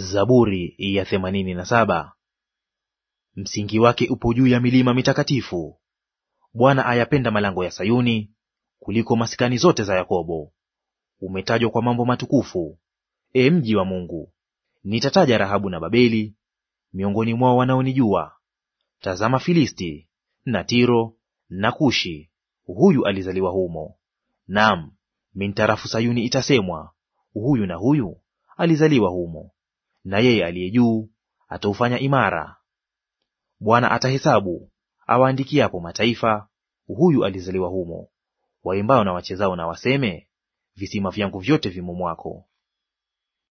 Zaburi ya themanini na saba. Msingi wake upo juu ya milima mitakatifu. Bwana ayapenda malango ya Sayuni kuliko maskani zote za Yakobo. Umetajwa kwa mambo matukufu, e mji wa Mungu. Nitataja Rahabu na Babeli miongoni mwao wanaonijua. Tazama Filisti na Tiro na Kushi, huyu alizaliwa humo. Naam, mintarafu Sayuni itasemwa, huyu na huyu alizaliwa humo na yeye aliye juu ataufanya imara. Bwana atahesabu awaandikiapo mataifa, huyu alizaliwa humo. Waimbao na wachezao na waseme, visima vyangu vyote vimo mwako.